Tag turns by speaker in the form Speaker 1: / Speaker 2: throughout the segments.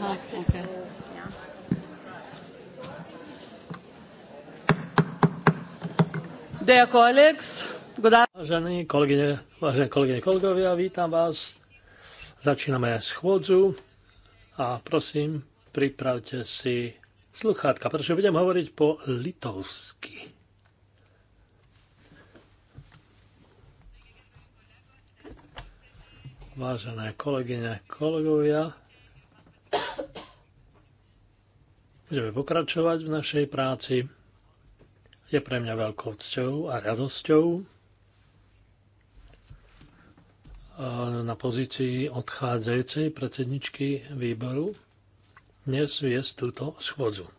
Speaker 1: Vážení kolegyne, vážené kolegyne, kolegovia, vítam vás. Začíname schôdzu a prosím, pripravte si sluchátka, pretože budem hovoriť po litovsky. Vážené kolegyne, kolegovia, Budeme pokračovať v našej práci. Je pre mňa veľkou cťou a radosťou na pozícii odchádzajúcej predsedničky výboru dnes viesť túto schôdzu.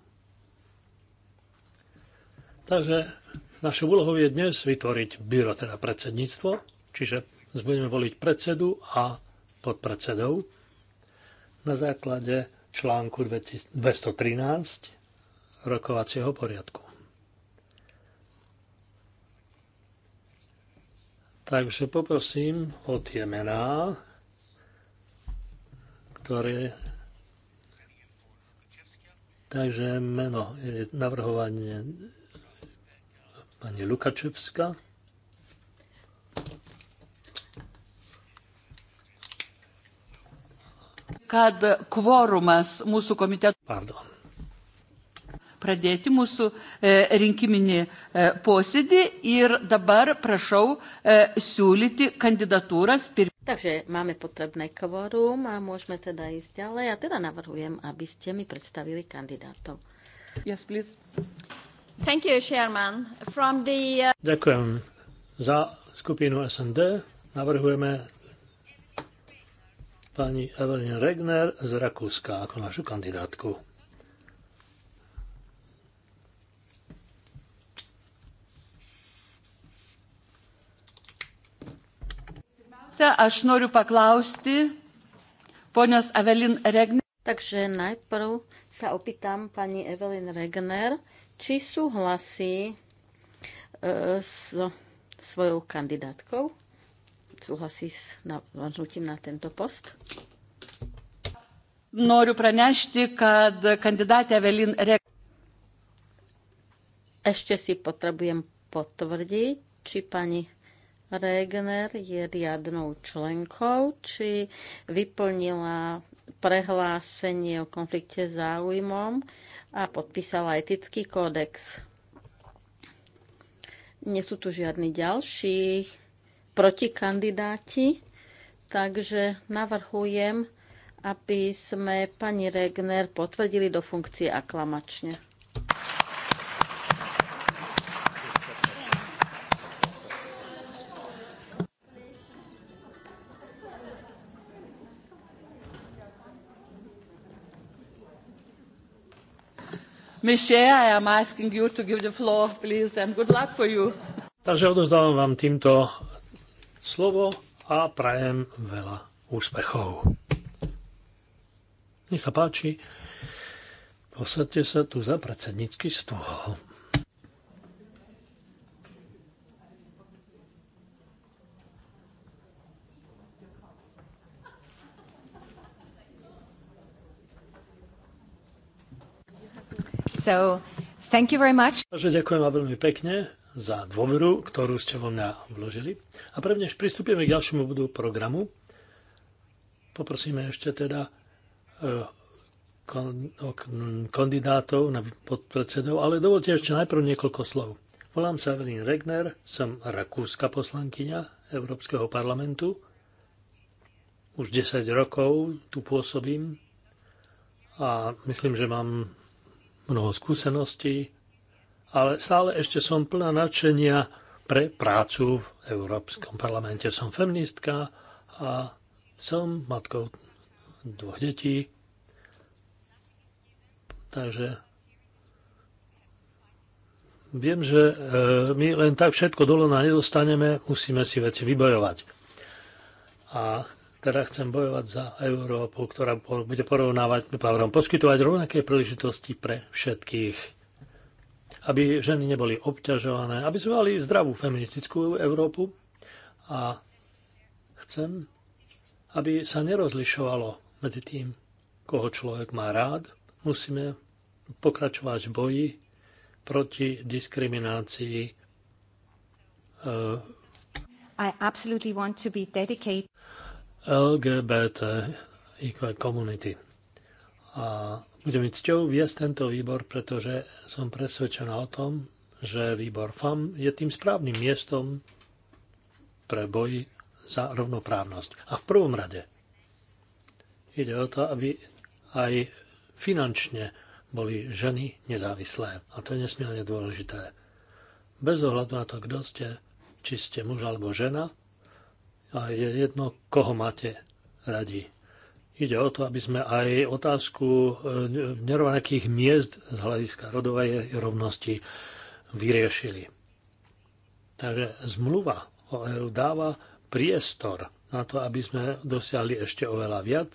Speaker 1: Takže našou úlohou je dnes vytvoriť byro, teda predsedníctvo, čiže budeme voliť predsedu a podpredsedov na základe článku 213 rokovacieho poriadku. Takže poprosím o tie mená, ktoré... Takže meno je navrhovanie pani Lukačevska.
Speaker 2: kad kvorumas mūsų komitetų pradėti mūsų e, rinkiminį e, posėdį ir dabar prašau e, siūlyti kandidatūras. Takže máme potrebné kvorum a môžeme teda ísť ďalej. Ja teda navrhujem, aby ste mi predstavili kandidátov. Yes, please. Thank you, Chairman. From the...
Speaker 1: Uh, Ďakujem. Za skupinu SND navrhujeme pani Evelyn Regner z Rakúska ako našu kandidátku.
Speaker 2: Aš noriu paklausti ponios Evelyn Regner. Takže najprv sa opýtam pani Evelyn Regner, či súhlasí e, s svojou kandidátkou súhlasí s navrhnutím na tento post? Noriu pranešti, kad Rek... Ešte si potrebujem potvrdiť, či pani Regner je riadnou členkou, či vyplnila prehlásenie o konflikte záujmom a podpísala etický kódex. Nie sú tu žiadni ďalší protikandidáti, takže navrhujem, aby sme pani Regner potvrdili do funkcie aklamačne. Michelle, I am asking you to give the floor, please, and good luck for you.
Speaker 1: Takže odovzdávam vám týmto slovo a prajem veľa úspechov. Nech sa páči, posadte sa tu za predsednícky stôl. So, thank you very much. Takže ďakujem vám veľmi pekne za dôveru, ktorú ste vo mňa vložili. A prvne, než pristúpime k ďalšiemu bodu programu, poprosíme ešte teda e, no, kandidátov na podpredsedov, ale dovolte ešte najprv niekoľko slov. Volám sa Evelyn Regner, som rakúska poslankyňa Európskeho parlamentu. Už 10 rokov tu pôsobím a myslím, že mám mnoho skúseností ale stále ešte som plná nadšenia pre prácu v Európskom parlamente. Som feministka a som matkou dvoch detí. Takže viem, že e, my len tak všetko na nedostaneme, musíme si veci vybojovať. A teda chcem bojovať za Európu, ktorá bude porovnávať, pardon, poskytovať rovnaké príležitosti pre všetkých aby ženy neboli obťažované, aby sme mali zdravú feministickú Európu a chcem, aby sa nerozlišovalo medzi tým, koho človek má rád. Musíme pokračovať v boji proti diskriminácii e,
Speaker 2: i absolutely want to be dedicated.
Speaker 1: LGBTIQ community. A bude mi cťou viesť tento výbor, pretože som presvedčená o tom, že výbor FAM je tým správnym miestom pre boj za rovnoprávnosť. A v prvom rade ide o to, aby aj finančne boli ženy nezávislé. A to je nesmierne dôležité. Bez ohľadu na to, kto ste, či ste muž alebo žena, a je jedno, koho máte radi. Ide o to, aby sme aj otázku eh, nerovnakých miest z hľadiska rodovej rovnosti vyriešili. Takže zmluva o EU dáva priestor na to, aby sme dosiahli ešte oveľa viac.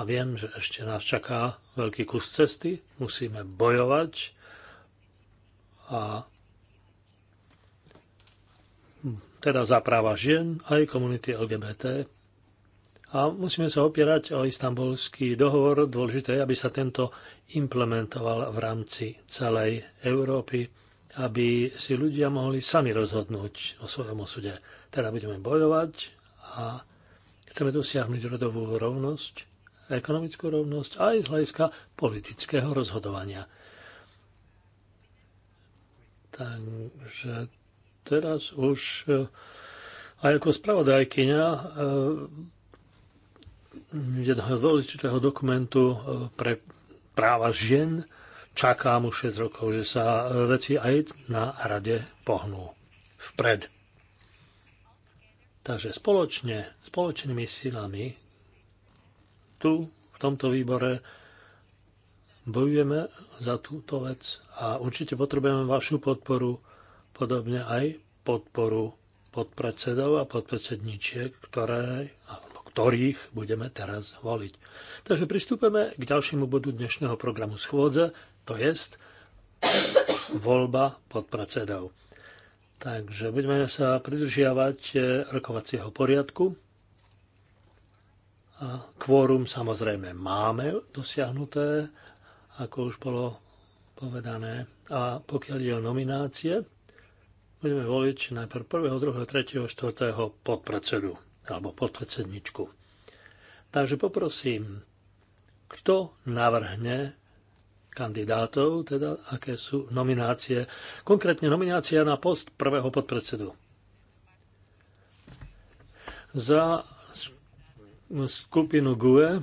Speaker 1: A viem, že ešte nás čaká veľký kus cesty. Musíme bojovať a teda za práva žien aj komunity LGBT a musíme sa opierať o istambulský dohovor. Dôležité je, aby sa tento implementoval v rámci celej Európy, aby si ľudia mohli sami rozhodnúť o svojom osude. Teda budeme bojovať a chceme dosiahnuť rodovú rovnosť, ekonomickú rovnosť aj z hľadiska politického rozhodovania. Takže teraz už eh, aj ako spravodajkyňa eh, jedného dôležitého dokumentu e, pre práva žien. Čakám už 6 rokov, že sa veci aj na rade pohnú vpred. Takže spoločne, spoločnými silami tu, v tomto výbore, bojujeme za túto vec a určite potrebujeme vašu podporu, podobne aj podporu podpredsedov a podpredsedničiek, ktoré ktorých budeme teraz voliť. Takže pristúpeme k ďalšiemu bodu dnešného programu schôdze, to jest voľba podpredsedov. Takže budeme sa pridržiavať eh, rokovacieho poriadku. A kvórum samozrejme máme dosiahnuté, ako už bolo povedané. A pokiaľ je o nominácie, budeme voliť najprv 1., 2., 3., 4. podpredsedu alebo podpredsedničku. Takže poprosím, kto navrhne kandidátov, teda aké sú nominácie, konkrétne nominácia na post prvého podpredsedu. Za skupinu GUE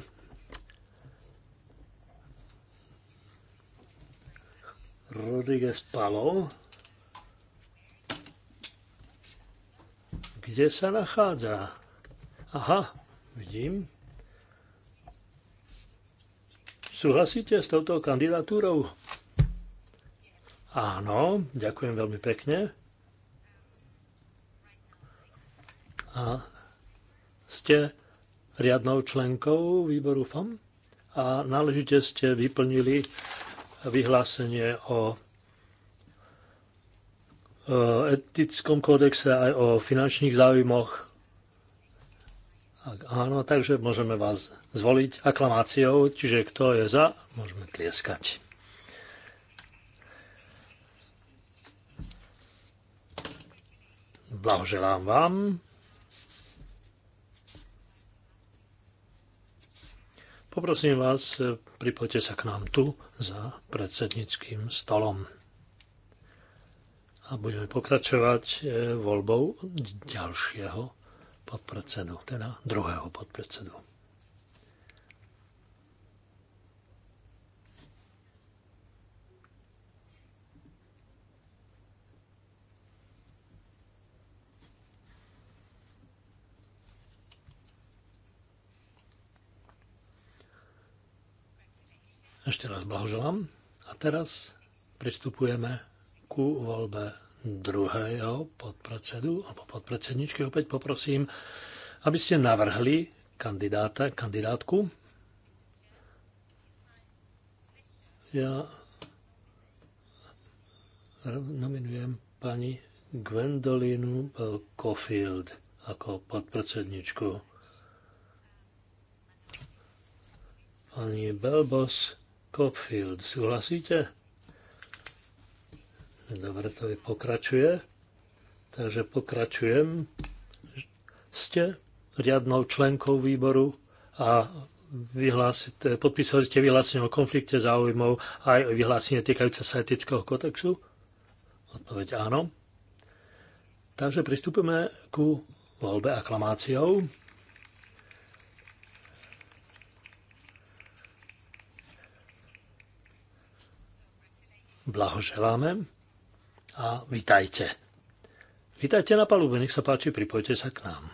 Speaker 1: Rodriguez Palo. kde sa nachádza? Aha, vidím. Súhlasíte s touto kandidatúrou? Áno, ďakujem veľmi pekne. A ste riadnou členkou výboru FAM a náležite ste vyplnili vyhlásenie o e, etickom kódexe aj o finančných záujmoch ak áno, takže môžeme vás zvoliť aklamáciou, čiže kto je za, môžeme tlieskať. Blahoželám vám. Poprosím vás, pripojte sa k nám tu za predsedníckým stolom. A budeme pokračovať eh, voľbou ďalšieho podpredsedu, teda druhého podpredsedu. Ešte raz blahoželám a teraz pristupujeme ku voľbe druhého podpredsedu alebo podpredsedničky opäť poprosím, aby ste navrhli kandidáta, kandidátku. Ja nominujem pani Gwendolinu Cofield ako podpredsedničku. Pani Belbos Cofield súhlasíte? Dobre, to pokračuje. Takže pokračujem. Ste riadnou členkou výboru a podpísali ste vyhlásenie o konflikte záujmov a aj vyhlásenie týkajúce sa etického kodexu? Odpoveď áno. Takže pristúpime ku voľbe aklamáciou. Blahoželáme a vitajte. Vitajte na palube, nech sa páči, pripojte sa k nám.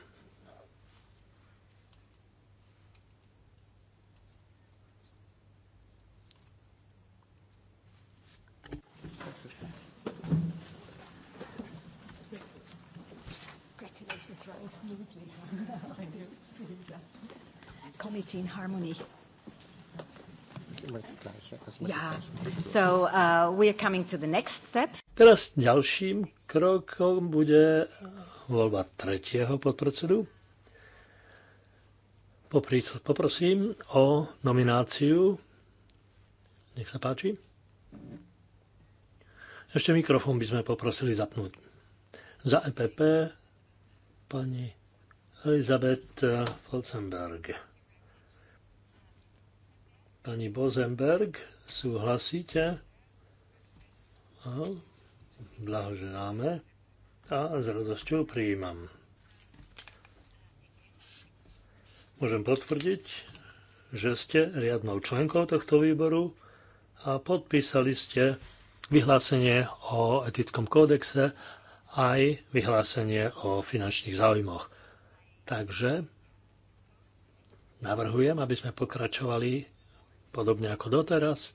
Speaker 1: Committee in harmony. So uh,
Speaker 2: we are coming to the next step.
Speaker 1: Teraz ďalším krokom bude voľba tretieho podpredsedu. Poprosím o nomináciu. Nech sa páči. Ešte mikrofón by sme poprosili zapnúť. Za EPP pani Elizabeth Folzenberg. Pani Bozenberg, súhlasíte? Aha blahoželáme a s radosťou prijímam. Môžem potvrdiť, že ste riadnou členkou tohto výboru a podpísali ste vyhlásenie o etickom kódexe aj vyhlásenie o finančných záujmoch. Takže navrhujem, aby sme pokračovali podobne ako doteraz,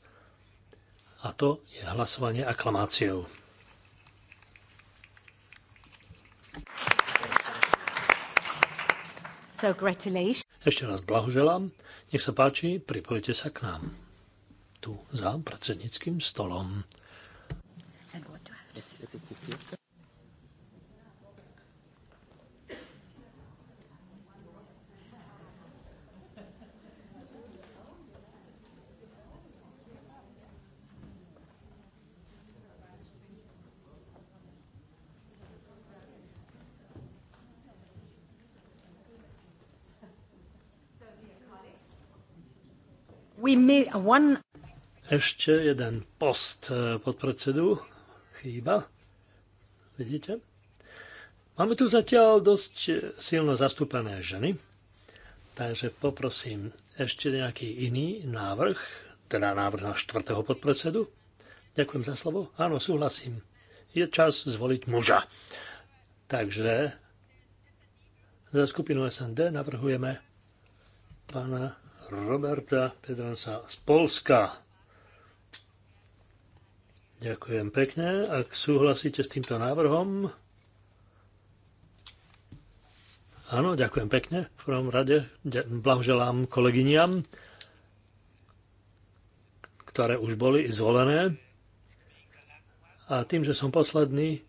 Speaker 1: a to je hlasovanie aklamáciou. So Ešte raz blahoželám. Nech sa páči, pripojte sa k nám. Tu za predsedníckým stolom. one... Ešte jeden post eh, podpredsedu chýba. Vidíte? Máme tu zatiaľ dosť eh, silno zastúpené ženy, takže poprosím ešte nejaký iný návrh, teda návrh na štvrtého podpredsedu. Ďakujem za slovo. Áno, súhlasím. Je čas zvoliť muža. Takže za skupinu SND navrhujeme pána Roberta Pedransa z Polska. Ďakujem pekne. Ak súhlasíte s týmto návrhom, Áno, ďakujem pekne. V prvom rade blahoželám kolegyniam, ktoré už boli zvolené. A tým, že som posledný,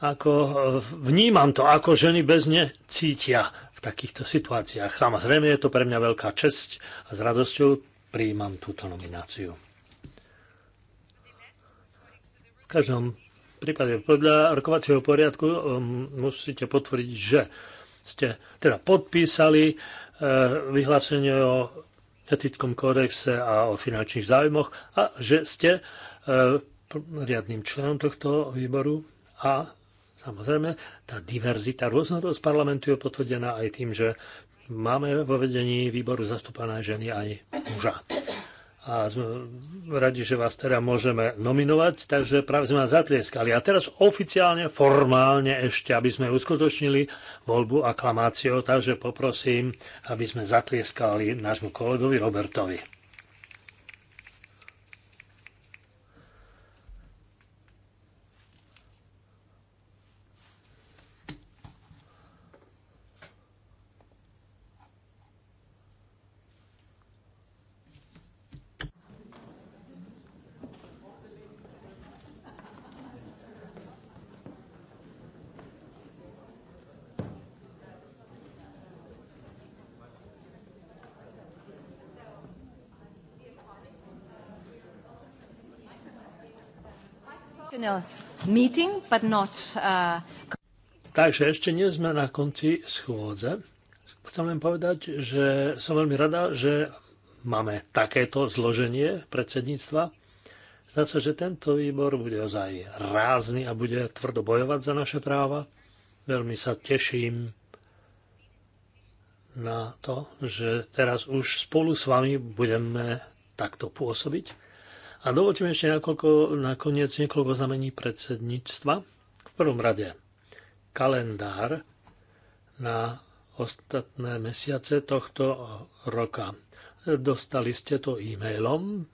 Speaker 1: ako e, vnímam to, ako ženy bez ne cítia v takýchto situáciách. Samozrejme je to pre mňa veľká česť a s radosťou prijímam túto nomináciu. V každom prípade podľa rokovacieho poriadku e, musíte potvrdiť, že ste teda podpísali e, vyhlásenie o etickom kódexe a o finančných záujmoch a že ste riadným členom tohto výboru a Samozrejme, tá diverzita, rôznorodosť parlamentu je potvrdená aj tým, že máme vo vedení výboru zastúpané ženy aj muža. A sme radi, že vás teda môžeme nominovať, takže práve sme vás zatlieskali. A teraz oficiálne, formálne ešte, aby sme uskutočnili voľbu aklamáciou, takže poprosím, aby sme zatlieskali nášmu kolegovi Robertovi. Uh, Takže ešte nie sme na konci schôdze. Chcem len povedať, že som veľmi rada, že máme takéto zloženie predsedníctva. Zdá sa, že tento výbor bude ozaj rázny a bude tvrdo bojovať za naše práva. Veľmi sa teším na to, že teraz už spolu s vami budeme takto pôsobiť. A dovolte mi ešte niekoľko, nakoniec niekoľko znamení predsedníctva. V prvom rade kalendár na ostatné mesiace tohto roka. Dostali ste to e-mailom.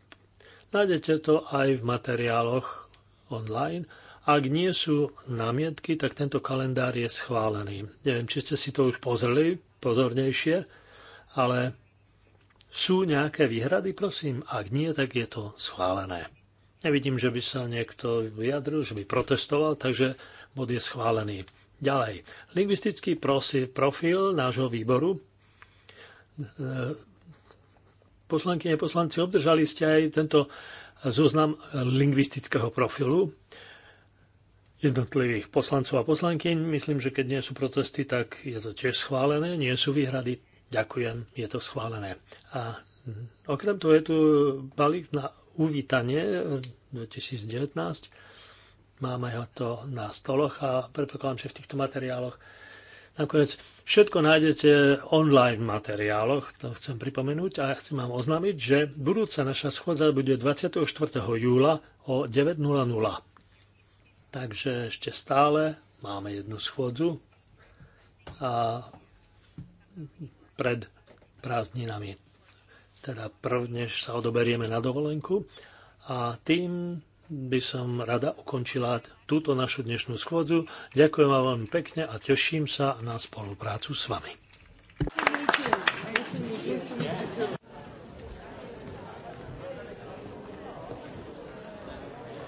Speaker 1: Nájdete to aj v materiáloch online. Ak nie sú námietky, tak tento kalendár je schválený. Neviem, či ste si to už pozreli pozornejšie, ale sú nejaké výhrady, prosím? Ak nie, tak je to schválené. Nevidím, že by sa niekto vyjadril, že by protestoval, takže bod je schválený. Ďalej. Lingvistický profil nášho výboru. Poslanky a poslanci, obdržali ste aj tento zoznam lingvistického profilu jednotlivých poslancov a poslankyň. Myslím, že keď nie sú protesty, tak je to tiež schválené, nie sú výhrady, Ďakujem, je to schválené. A okrem toho je tu balík na uvítanie 2019. Eh, máme ho to na stoloch a predpokladám, že v týchto materiáloch nakoniec všetko nájdete online v materiáloch, to chcem pripomenúť a ja chcem vám oznámiť, že budúca naša schôdza bude 24. júla o 9.00. Takže ešte stále máme jednu schôdzu a pred prázdninami. Teda prvnež sa odoberieme na dovolenku a tým by som rada ukončila túto našu dnešnú schôdzu. Ďakujem vám veľmi pekne a teším sa na spoluprácu s vami.